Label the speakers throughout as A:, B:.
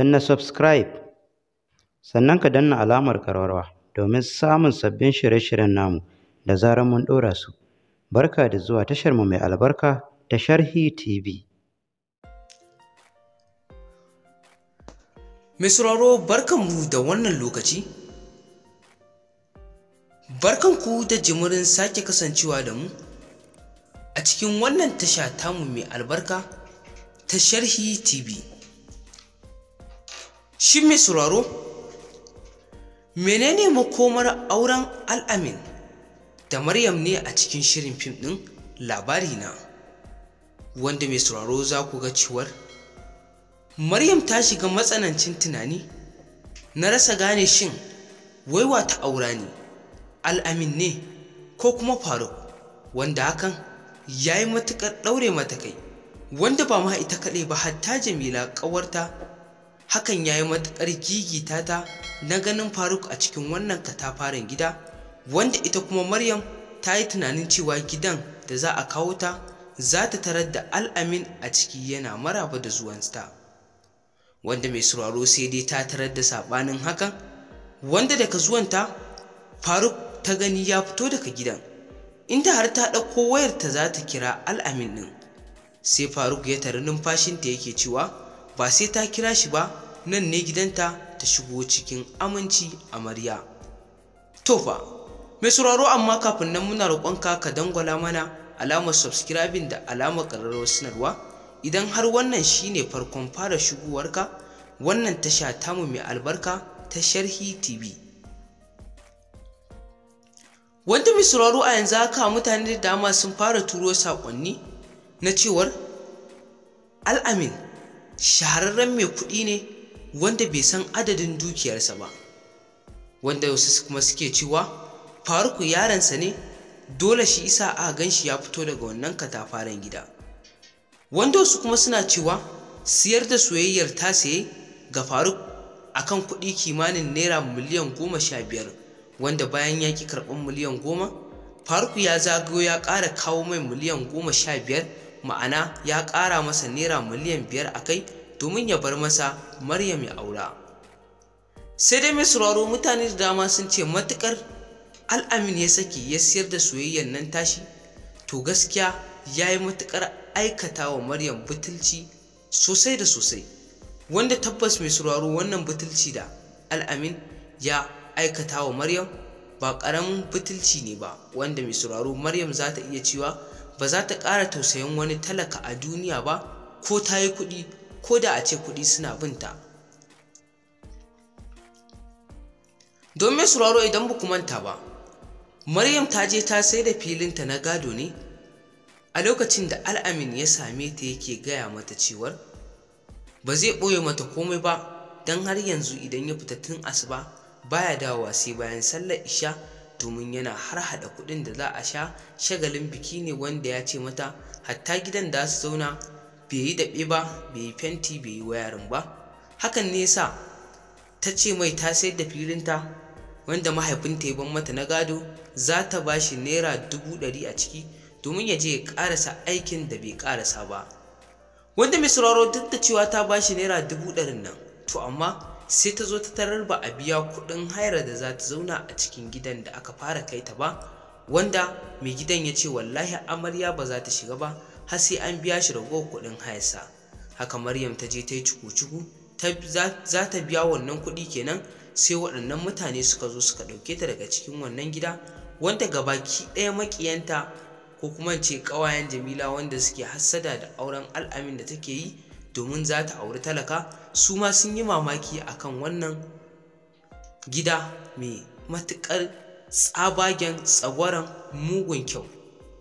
A: na subscribe sannan ka danna alamar karwarwa domin samun sabbin shirye-shiryen namu da zarar mun ɗora su barka da zuwa tashar mu mai albarka ta sharhi tv sauraro barkanmu da wannan lokaci barkanku da jimirin sake kasancewa da mu a cikin wannan tasha tamu mai albarka ta sharhi tv shi mai sauraro menene makomar auren al'amin da maryam ne a cikin shirin fim ɗin labari na wanda mai sauraro za ku ga cewar maryam ta shiga matsanancin tunani na rasa gane shin waiwa ta aura ne al'amin ne ko kuma faruk wanda hakan ya yi matuƙar ɗaure mata kai wanda ba ma ita kaɗai ba hatta jamila ƙawarta hakan ya yi matuƙar gigita ta na ganin faruk a cikin wannan katafaren gida wanda ita kuma maryam ta yi tunanin cewa gidan da za a kawo ta za ta tarar da al'amin a ciki yana maraba da zuwansa wanda mai sauraro sai dai ta tarar da saɓanin hakan wanda daga zuwanta faruk ta gani ya fito daga gidan inda har ta ɗauko wayarta za ta kira al'amin ɗin sai faruk ya tari numfashinta yake cewa ba sai ta kira shi ba nan ne gidanta ta shigo cikin aminci amarya to fa mai sauraro amma kafin nan muna roƙonka ka dangwala mana alamar subscribing da alamar ƙararrawar sanarwa idan har wannan shine farkon fara shigowarka wannan tasha tamu mai albarka ta sharhi tv wanda mai sauraro a yanzu haka mutane da dama sun fara turo saƙonni na cewar al'amin shahararren mai kuɗi ne wanda bai san adadin dukiyarsa ba wanda wasu kuma suke cewa faruku yaransa ne dole shi isa a gan shi ya fito daga wannan katafaren gida wanda wasu kuma suna cewa siyar da soyayyar ta saye ga faruk akan kuɗi kimanin naira miliyan goma sha biyar wanda bayan ya ki karɓar miliyan goma Faruk ya zagayo ya ƙara kawo mai miliyan goma sha biyar ma'ana ya ƙara masa naira miliyan biyar a kai domin ya bar masa Maryam ya aura sai dai mai sauraro mutane da dama sun ce matukar al'amin ya saki ya siyar da soyayyar nan tashi to gaskiya ya yi matukar aikata wa Maryam butulci sosai da sosai wanda tabbas mai sauraro wannan butulci da al'amin ya aikata wa Maryam ba ƙaramin butulci ne ba wanda mai sauraro Maryam za ta iya cewa ba za ta ƙara tausayin wani talaka a duniya ba ko ta yi kuɗi ko da a ce kuɗi suna binta domin sauraro idan ba manta ba maryam ta je ta sai da filinta na gado ne a lokacin da al'amin ya same ta yake gaya mata cewar ba zai ɓoye mata komai ba don har yanzu idan ya fita tun asuba baya dawowa sai bayan sallar isha domin yana har haɗa kuɗin da za a sha shagalin biki ne wanda ya ce mata hatta gidan da su zauna bai yi daɓe ba bai yi fenti bai yi wayarin ba hakan ne sa ta ce mai ta sayar da filinta wanda mahaifinta ya ban mata na gado za ta ba shi naira dubu ɗari a ciki domin ya je ya ƙarasa aikin da bai ƙarasa ba wanda mai sauraro duk da cewa ta ba shi naira dubu ɗarin nan to amma sai ta zo ta tarar ba a biya kuɗin hayar da za ta zauna a cikin gidan da aka fara kai ta ba wanda mai gidan ya ce wallahi amarya ba za ta shiga ba har sai an biya shi ragowar kuɗin hayarsa haka maryam ta je ta yi cuku-cuku za ta biya wannan kuɗi kenan sai waɗannan mutane suka zo suka ɗauke ta daga cikin wannan gida wanda gabaki ɗaya maƙiyanta ko kuma ce ƙawayen jamila wanda suke hassada da auren al'amin da take yi domin za ta auri talaka su ma sun yi mamaki akan wannan gida mai matuƙar tsabagen tsagwaron mugun kyau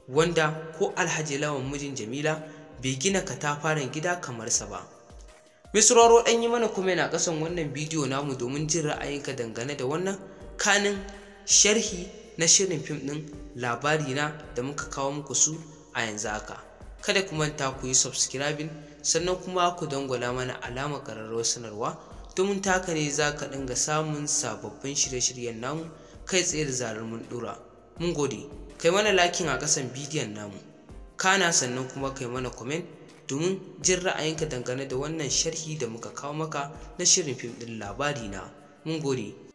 A: wanda ko alhaji lawan mijin jamila bai gina katafaren gida kamar sa ba misraro ɗan yi mana kuma yana kasan wannan bidiyo namu domin jin ra'ayinka dangane da wannan kanin sharhi na shirin fim ɗin labari na da muka kawo muku su a yanzu haka kada ku manta ku yi subscribing sannan kuma ku dangwala mana alama ƙararrawar sanarwa domin taka ne za ka dinga samun sababbin shirye-shiryen namu kai tsaye da zarar mun ɗora mun gode kai mana lakin a kasan bidiyon namu kana sannan kuma kai mana comment domin jin ra'ayinka dangane da wannan sharhi da muka kawo maka na shirin fim ɗin labari na mun gode